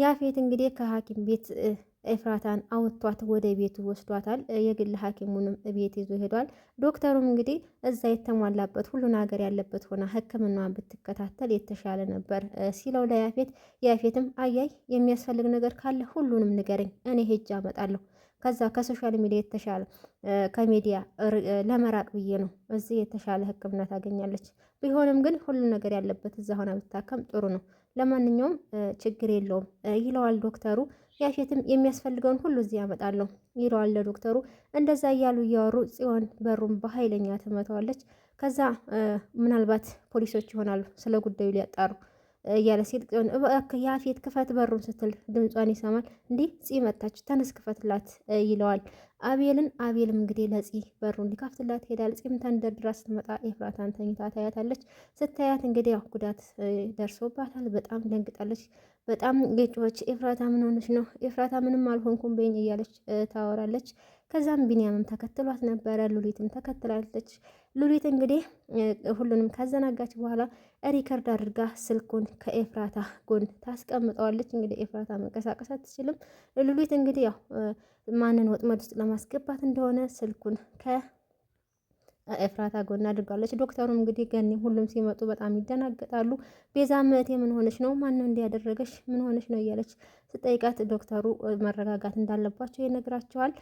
ያፌት እንግዲህ ከሐኪም ቤት ኤፍራታን አውጥቷት ወደ ቤቱ ወስዷታል። የግል ሐኪሙንም ቤት ይዞ ሄዷል። ዶክተሩም እንግዲህ እዛ የተሟላበት ሁሉን ነገር ያለበት ሆና ሕክምናዋን ብትከታተል የተሻለ ነበር ሲለው ለያፌት ያፌትም አያይ የሚያስፈልግ ነገር ካለ ሁሉንም ንገረኝ፣ እኔ ሄጅ አመጣለሁ። ከዛ ከሶሻል ሚዲያ የተሻለ ከሚዲያ ለመራቅ ብዬ ነው። እዚህ የተሻለ ሕክምና ታገኛለች። ቢሆንም ግን ሁሉ ነገር ያለበት እዛ ሆና ብታከም ጥሩ ነው። ለማንኛውም ችግር የለውም ይለዋል ዶክተሩ። ያፌትም የሚያስፈልገውን ሁሉ እዚህ ያመጣለሁ ይለዋል ለዶክተሩ። እንደዛ እያሉ እያወሩ ጽዮን በሩም በኃይለኛ ትመታዋለች። ከዛ ምናልባት ፖሊሶች ይሆናሉ ስለ ጉዳዩ ሊያጣሩ እያለ ሴት ጽዮን ያፌት ክፈት በሩን ስትል ድምጿን ይሰማል። እንዲህ ጽ መታች ተነስ ክፈትላት ይለዋል አቤልን። አቤልም እንግዲህ ለፂ በሩን ሊከፍትላት ይሄዳል። ፂም ተንደርድራ ስትመጣ ኤፍራታን ተኝታ ታያታለች። ስታያት እንግዲህ ያው ጉዳት ደርሶባታል። በጣም ደንግጣለች። በጣም ጌጮች ኤፍራታ ምን ሆነች ነው? ኤፍራታ ምንም አልሆንኩም በኝ እያለች ታወራለች። ከዛም ቢንያምም ተከትሏት ነበረ። ሉሊትም ተከትላለች። ሉሊት እንግዲህ ሁሉንም ካዘናጋች በኋላ ሪከርድ አድርጋ ስልኩን ከኤፍራታ ጎን ታስቀምጠዋለች። እንግዲህ ኤፍራታ መንቀሳቀስ አትችልም። ሉሊት እንግዲህ ያው ማንን ወጥመድ ውስጥ ለማስገባት እንደሆነ ስልኩን ከኤፍራታ ጎን አድርጋለች። ዶክተሩም እንግዲህ ገኒ ሁሉም ሲመጡ በጣም ይደናገጣሉ። ቤዛ ምእቴ ምን ሆነች ነው ማን ነው ምን ሆነች ነው እያለች ስጠይቃት ዶክተሩ መረጋጋት እንዳለባቸው ይነግራቸዋል።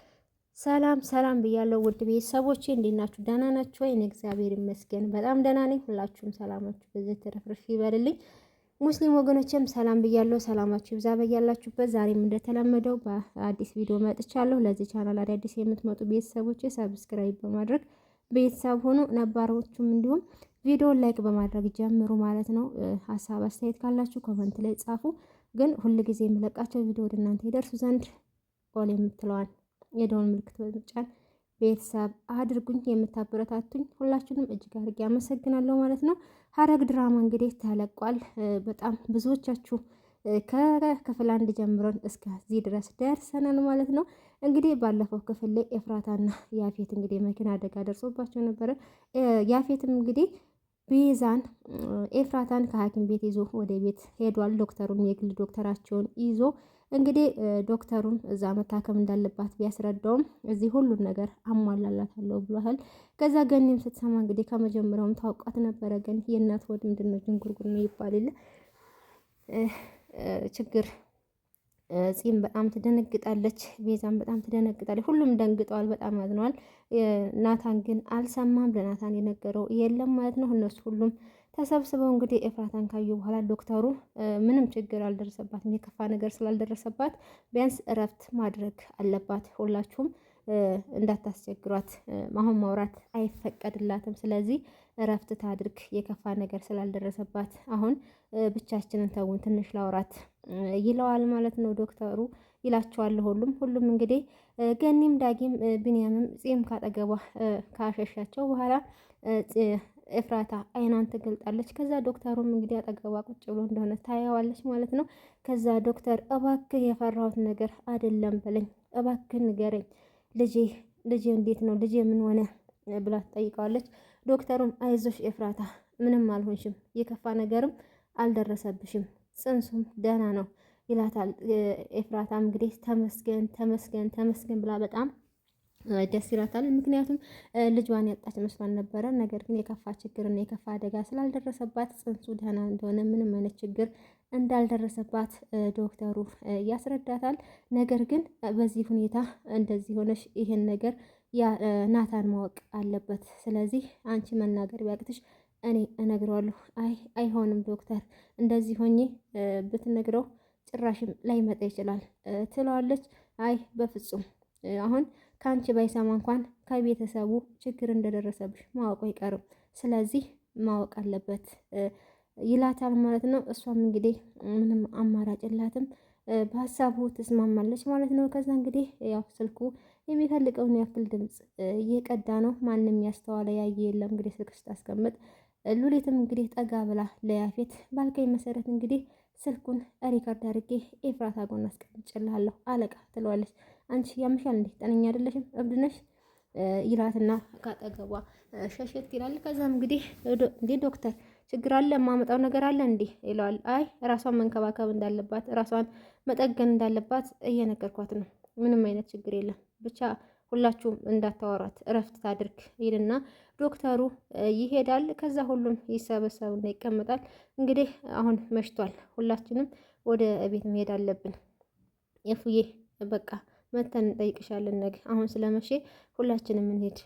ሰላም ሰላም ብያለሁ ውድ ቤተሰቦቼ፣ እንዴት ናችሁ? ደህና ናችሁ ወይ? እግዚአብሔር ይመስገን በጣም ደህና ነኝ። ሁላችሁም ሰላማችሁ በዚህ ትርፍርፍ ይበልልኝ። ሙስሊም ወገኖችም ሰላም ብያለው ሰላማችሁ ይብዛ በያላችሁበት። ዛሬም እንደተለመደው በአዲስ ቪዲዮ መጥቻለሁ። ለዚህ ቻናል አዳዲስ የምትመጡ ቤተሰቦቼ ሰብስክራይብ በማድረግ ቤተሰብ ሆኑ፣ ነባሮቹም እንዲሁም ቪዲዮ ላይክ በማድረግ ጀምሩ ማለት ነው። ሀሳብ አስተያየት ካላችሁ ኮመንት ላይ ጻፉ። ግን ሁልጊዜ የምለቃቸው ቪዲዮ ወደ እናንተ ይደርሱ ዘንድ ኦል የምትለዋል የደወል ምልክት በመጫን ቤተሰብ አድርጉኝ የምታበረታቱኝ ሁላችሁንም እጅግ አድርጌ አመሰግናለሁ ማለት ነው። ሐረግ ድራማ እንግዲህ ተለቋል። በጣም ብዙዎቻችሁ ከክፍል አንድ ጀምረን እስከዚህ ድረስ ደርሰናል ማለት ነው። እንግዲህ ባለፈው ክፍል ላይ ኤፍራታና ያፌት እንግዲህ መኪና አደጋ ደርሶባቸው ነበረ። ያፌትም እንግዲህ ቤዛን ኤፍራታን ከሐኪም ቤት ይዞ ወደ ቤት ሄዷል። ዶክተሩም የግል ዶክተራቸውን ይዞ እንግዲህ ዶክተሩም እዛ መታከም እንዳለባት ቢያስረዳውም እዚህ ሁሉን ነገር አሟላላታለሁ ብሏል። ከዛ ገኒም ስትሰማ እንግዲህ ከመጀመሪያውም ታውቋት ነበረ። ግን የእናት ወድ ምንድነው ጅንጉርጉር ነው ይባል የለ ችግር ጺም በጣም ትደነግጣለች፣ ቤዛም በጣም ትደነግጣለች። ሁሉም ደንግጠዋል፣ በጣም አዝነዋል። ናታን ግን አልሰማም፣ ለናታን የነገረው የለም ማለት ነው። እነሱ ሁሉም ተሰብስበው እንግዲህ ኤፍራታን ካዩ በኋላ ዶክተሩ ምንም ችግር አልደረሰባትም፣ የከፋ ነገር ስላልደረሰባት ቢያንስ እረፍት ማድረግ አለባት ሁላችሁም እንዳታስቸግሯት። አሁን ማውራት አይፈቀድላትም። ስለዚህ እረፍት ታድርግ፣ የከፋ ነገር ስላልደረሰባት። አሁን ብቻችንን ተውን፣ ትንሽ ላውራት ይለዋል ማለት ነው ዶክተሩ ይላቸዋል። ሁሉም ሁሉም እንግዲህ ገኒም፣ ዳጊም፣ ቢንያምም ፂም ካጠገቧ ካሸሻቸው በኋላ እፍራታ አይኗን ትገልጣለች። ከዛ ዶክተሩም እንግዲህ አጠገቧ ቁጭ ብሎ እንደሆነ ታየዋለች ማለት ነው። ከዛ ዶክተር እባክህ የፈራሁት ነገር አይደለም በለኝ፣ እባክህ ንገረኝ ልጄ ልጄ እንዴት ነው ልጄ ምን ሆነ ብላ ትጠይቀዋለች። ዶክተሩም አይዞሽ ኤፍራታ ምንም አልሆንሽም፣ የከፋ ነገርም አልደረሰብሽም፣ ጽንሱም ደህና ነው ይላታል። ኤፍራታም እንግዲህ ተመስገን ተመስገን ተመስገን ብላ በጣም ደስ ይላታል። ምክንያቱም ልጇን ያጣች መስሏን ነበረ። ነገር ግን የከፋ ችግርና የከፋ አደጋ ስላልደረሰባት ጽንሱ ደህና እንደሆነ ምንም አይነት ችግር እንዳልደረሰባት ዶክተሩ ያስረዳታል። ነገር ግን በዚህ ሁኔታ እንደዚህ ሆነሽ ይህን ነገር ናታን ማወቅ አለበት። ስለዚህ አንቺ መናገር ቢያቅትሽ እኔ እነግረዋለሁ። አይ አይሆንም ዶክተር፣ እንደዚህ ሆኜ ብትነግረው ጭራሽም ላይመጣ ይችላል ትለዋለች። አይ በፍጹም አሁን ከአንቺ ባይሰማ እንኳን ከቤተሰቡ ችግር እንደደረሰብሽ ማወቁ አይቀርም። ስለዚህ ማወቅ አለበት ይላታል ማለት ነው። እሷም እንግዲህ ምንም አማራጭ የላትም። በሀሳቡ ትስማማለች ማለት ነው። ከዛ እንግዲህ ያው ስልኩ የሚፈልገውን ያክል ድምፅ እየቀዳ ነው። ማንም ያስተዋለ ያየ የለም። እንግዲህ ስልክ ስታስቀምጥ ሉሊትም እንግዲህ ጠጋ ብላ ለያፌት ባልከኝ መሰረት እንግዲህ ስልኩን ሪከርድ አድርጌ ኤፍራታ ጎን አስቀምጬልሃለሁ አለቃ ትለዋለች። አንቺ ያምሻል እንዴ? ጠነኛ አይደለሽም? እብድ ነሽ ይላትና ካጠገቧ ሸሸት ይላል። ከዛም እንግዲህ እንዴ ዶክተር ችግር አለ የማመጣው ነገር አለ እንዴ ይለዋል። አይ ራሷን መንከባከብ እንዳለባት ራሷን መጠገን እንዳለባት እየነገርኳት ነው። ምንም አይነት ችግር የለም ብቻ ሁላችሁም እንዳታወሯት እረፍት ታድርግ ይልና ዶክተሩ ይሄዳል። ከዛ ሁሉም ይሰበሰቡና ይቀመጣል። እንግዲህ አሁን መሽቷል፣ ሁላችንም ወደ ቤት መሄድ አለብን። የፉዬ በቃ መተን እንጠይቅሻለን ነገ አሁን ስለመቼ ሁላችንም እንሄድ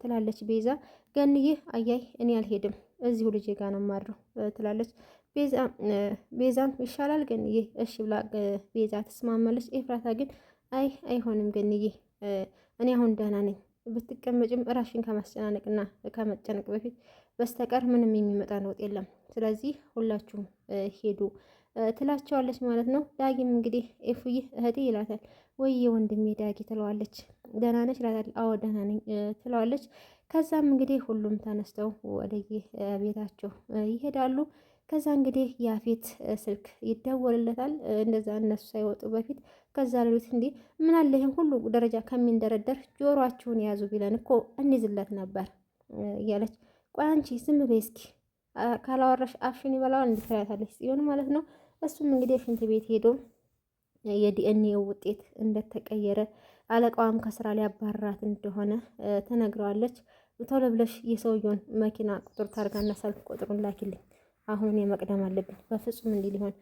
ትላለች ቤዛ። ገንዬ አያይ እኔ አልሄድም እዚሁ ልጄ ጋ ነው ማድረው ትላለች ቤዛም ይሻላል ገንዬ እሺ ብላ ቤዛ ትስማማለች። ኤፍራታ ግን አይ አይሆንም ገንዬ እኔ አሁን ደህና ነኝ ብትቀመጭም ራሽን ከማስጨናነቅና ከመጨነቅ በፊት በስተቀር ምንም የሚመጣ ለውጥ የለም። ስለዚህ ሁላችሁም ሄዱ ትላቸዋለች ማለት ነው። ዳግም እንግዲህ ኤፉይህ እህቴ ይላታል። ወይ ወንድሜ ዳጊ ትለዋለች። ደህና ነች እላታለሁ። አዎ ደህና ነኝ ትለዋለች። ከዛም እንግዲህ ሁሉም ተነስተው ወደ ቤታቸው ይሄዳሉ። ከዛ እንግዲህ ያፌት ስልክ ይደወልለታል። እንደዛ እነሱ ሳይወጡ በፊት ከዛ ሌሎት እንዲህ ምን አለ ይህን ሁሉ ደረጃ ከሚንደረደር ጆሯችሁን የያዙ ቢለን እኮ እንይዝለት ነበር እያለች ቆይ አንቺ ዝም በይ እስኪ ካላወራሽ አፍሽን ይበላዋል እንዲትላታለች ሲሆን ማለት ነው። እሱም እንግዲህ ሽንት ቤት ሄዶም የዲኤንኤ ውጤት እንደተቀየረ አለቃዋም ከስራ ሊያባርራት እንደሆነ ትነግረዋለች። ቶሎ ብለሽ የሰውየውን መኪና ቁጥር ታርጋና ሰልፍ ቁጥሩን ላኪልኝ፣ አሁን የመቅደም አለብኝ። በፍጹም እንዲህ ሊሆን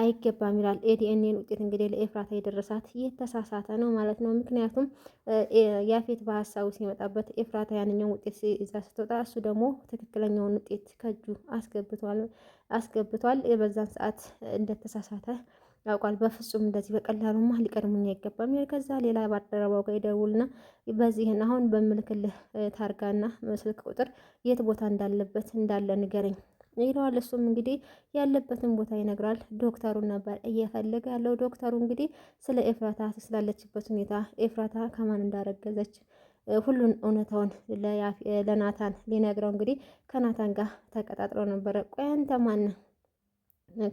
አይገባም ይላል። የዲኤንኤን ውጤት እንግዲህ ለኤፍራታ የደረሳት የተሳሳተ ነው ማለት ነው። ምክንያቱም ያፌት በሀሳቡ ሲመጣበት ኤፍራታ ያንኛውን ውጤት ይዛ ስትወጣ፣ እሱ ደግሞ ትክክለኛውን ውጤት ከእጁ አስገብቷል። በዛን ሰዓት እንደተሳሳተ ያውቋል። በፍጹም እንደዚህ በቀላሉማ ሊቀድሙኝ አይገባም። ከዛ ሌላ ባደረባው ጋር ይደውልና በዚህን አሁን በምልክልህ ታርጋና ስልክ ቁጥር የት ቦታ እንዳለበት እንዳለ ንገረኝ ይለዋል። እሱም እንግዲህ ያለበትን ቦታ ይነግራል። ዶክተሩን ነበር እየፈለገ ያለው። ዶክተሩ እንግዲህ ስለ ኤፍራታ ስላለችበት ሁኔታ፣ ኤፍራታ ከማን እንዳረገዘች ሁሉን እውነታውን ለናታን ሊነግረው እንግዲህ ከናታን ጋር ተቀጣጥረው ነበረ። ቆይ አንተ ማን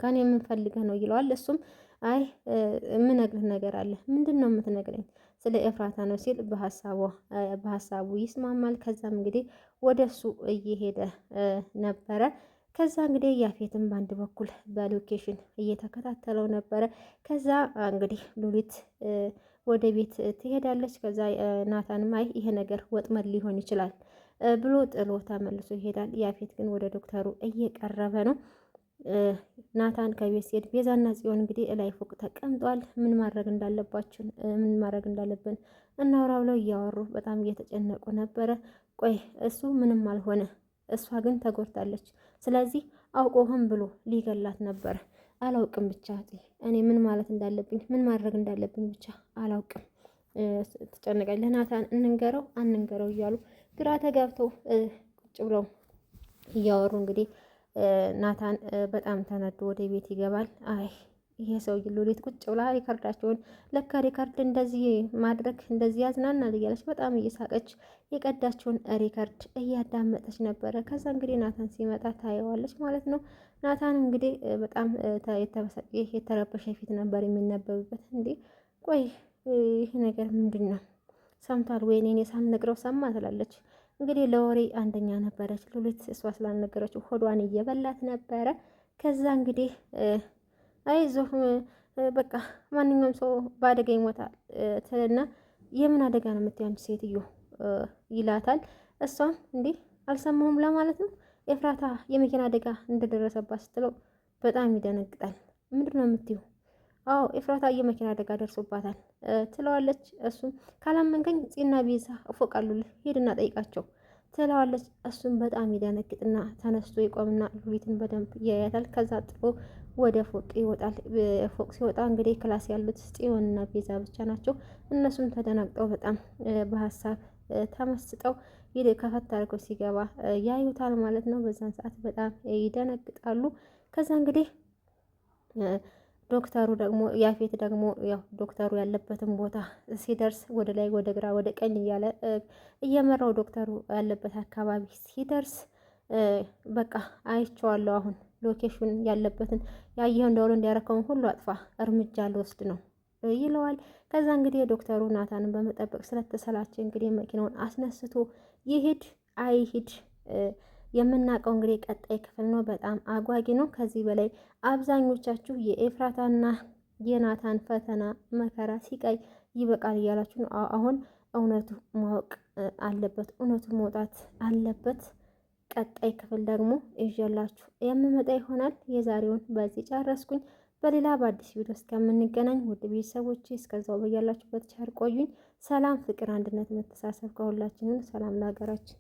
ከኔ የምንፈልገህ ነው ይለዋል። እሱም አይ የምነግርህ ነገር አለ። ምንድን ነው የምትነግረኝ? ስለ ኤፍራታ ነው ሲል በሀሳቡ ይስማማል። ከዛም እንግዲህ ወደ እሱ እየሄደ ነበረ። ከዛ እንግዲህ ያፌትን በአንድ በኩል በሎኬሽን እየተከታተለው ነበረ። ከዛ እንግዲህ ሉሊት ወደ ቤት ትሄዳለች። ከዛ ናታንም አይ ይሄ ነገር ወጥመድ ሊሆን ይችላል ብሎ ጥሎ ተመልሶ ይሄዳል። ያፌት ግን ወደ ዶክተሩ እየቀረበ ነው። ናታን ከቤት ሲሄድ ቤዛና ጽዮን እንግዲህ እላይ ፎቅ ተቀምጧል። ምን ማድረግ እንዳለባችን ምን ማድረግ እንዳለብን እናውራ ብለው እያወሩ በጣም እየተጨነቁ ነበረ። ቆይ እሱ ምንም አልሆነ፣ እሷ ግን ተጎድታለች። ስለዚህ አውቆ ሆን ብሎ ሊገላት ነበረ። አላውቅም ብቻ እኔ ምን ማለት እንዳለብኝ ምን ማድረግ እንዳለብኝ ብቻ አላውቅም። ተጨነቀኝ። ለናታን እንንገረው አንንገረው እያሉ ግራ ተጋብተው ቁጭ ብለው እያወሩ እንግዲህ ናታን በጣም ተነዶ ወደ ቤት ይገባል። አይ ይሄ ሰውዬ ሉሊት ቁጭ ብላ ሪከርዳቸውን ለካ ሪከርድ እንደዚህ ማድረግ እንደዚህ ያዝናናል እያለች በጣም እየሳቀች የቀዳችውን ሪከርድ እያዳመጠች ነበረ። ከዛ እንግዲህ ናታን ሲመጣ ታየዋለች ማለት ነው። ናታን እንግዲህ በጣም የተበሳጨ የተረበሸ ፊት ነበር የሚነበብበት። እንዴ ቆይ ይህ ነገር ምንድን ነው? ሰምቷል ወይኔ ሳልነግረው ሰማ ትላለች። እንግዲህ ለወሬ አንደኛ ነበረች ሉሊት። እሷ ስላልነገረች ሆዷን እየበላት ነበረ። ከዛ እንግዲህ አይዞህ በቃ ማንኛውም ሰው በአደጋ ይሞታል ትልና የምን አደጋ ነው የምትያንች ሴትዮ ይላታል። እሷም እንዲህ አልሰማሁም ለማለት ነው ኤፍራታ የመኪና አደጋ እንደደረሰባት ስትለው በጣም ይደነግጣል። ምንድን ነው የምትይው አዎ ኤፍራታዬ መኪና አደጋ ደርሶባታል ትለዋለች። እሱም ካላመንከኝ ፂና ቢዛ እፎቃሉልህ ሄድና ጠይቃቸው ትለዋለች። እሱም በጣም ይደነግጥና ተነስቶ ይቆምና ሉሊትን በደንብ ያያታል። ከዛ ጥሎ ወደ ፎቅ ይወጣል። ፎቅ ሲወጣ እንግዲህ ክላስ ያሉት ጽዮንና ቤዛ ብቻ ናቸው። እነሱም ተደናግጠው በጣም በሀሳብ ተመስጠው ይል ከፈት አድርገው ሲገባ ያዩታል ማለት ነው። በዛን ሰዓት በጣም ይደነግጣሉ። ከዛ እንግዲህ ዶክተሩ ደግሞ ያፌት ደግሞ ያው ዶክተሩ ያለበትን ቦታ ሲደርስ ወደ ላይ ወደ ግራ ወደ ቀኝ እያለ እየመራው ዶክተሩ ያለበት አካባቢ ሲደርስ በቃ አይቼዋለሁ። አሁን ሎኬሽን ያለበትን ያየው እንደሆነ እንዲያረከውን ሁሉ አጥፋ፣ እርምጃ ልወስድ ነው ይለዋል። ከዛ እንግዲህ ዶክተሩ ናታንን በመጠበቅ ስለተሰላቸ እንግዲህ መኪናውን አስነስቶ ይሂድ አይሂድ የምናውቀው እንግዲህ ቀጣይ ክፍል ነው። በጣም አጓጊ ነው። ከዚህ በላይ አብዛኞቻችሁ የኤፍራታና የናታን ፈተና፣ መከራ፣ ሲቃይ ይበቃል እያላችሁ ነው። አሁን እውነቱ ማወቅ አለበት፣ እውነቱ መውጣት አለበት። ቀጣይ ክፍል ደግሞ ይዤላችሁ የምመጣ ይሆናል። የዛሬውን በዚህ ጨረስኩኝ። በሌላ በአዲስ ቪዲዮ እስከምንገናኝ ውድ ቤተሰቦች እስከዛው በያላችሁበት ቸር ቆዩኝ። ሰላም፣ ፍቅር፣ አንድነት፣ መተሳሰብ ከሁላችንም። ሰላም ለሀገራችን።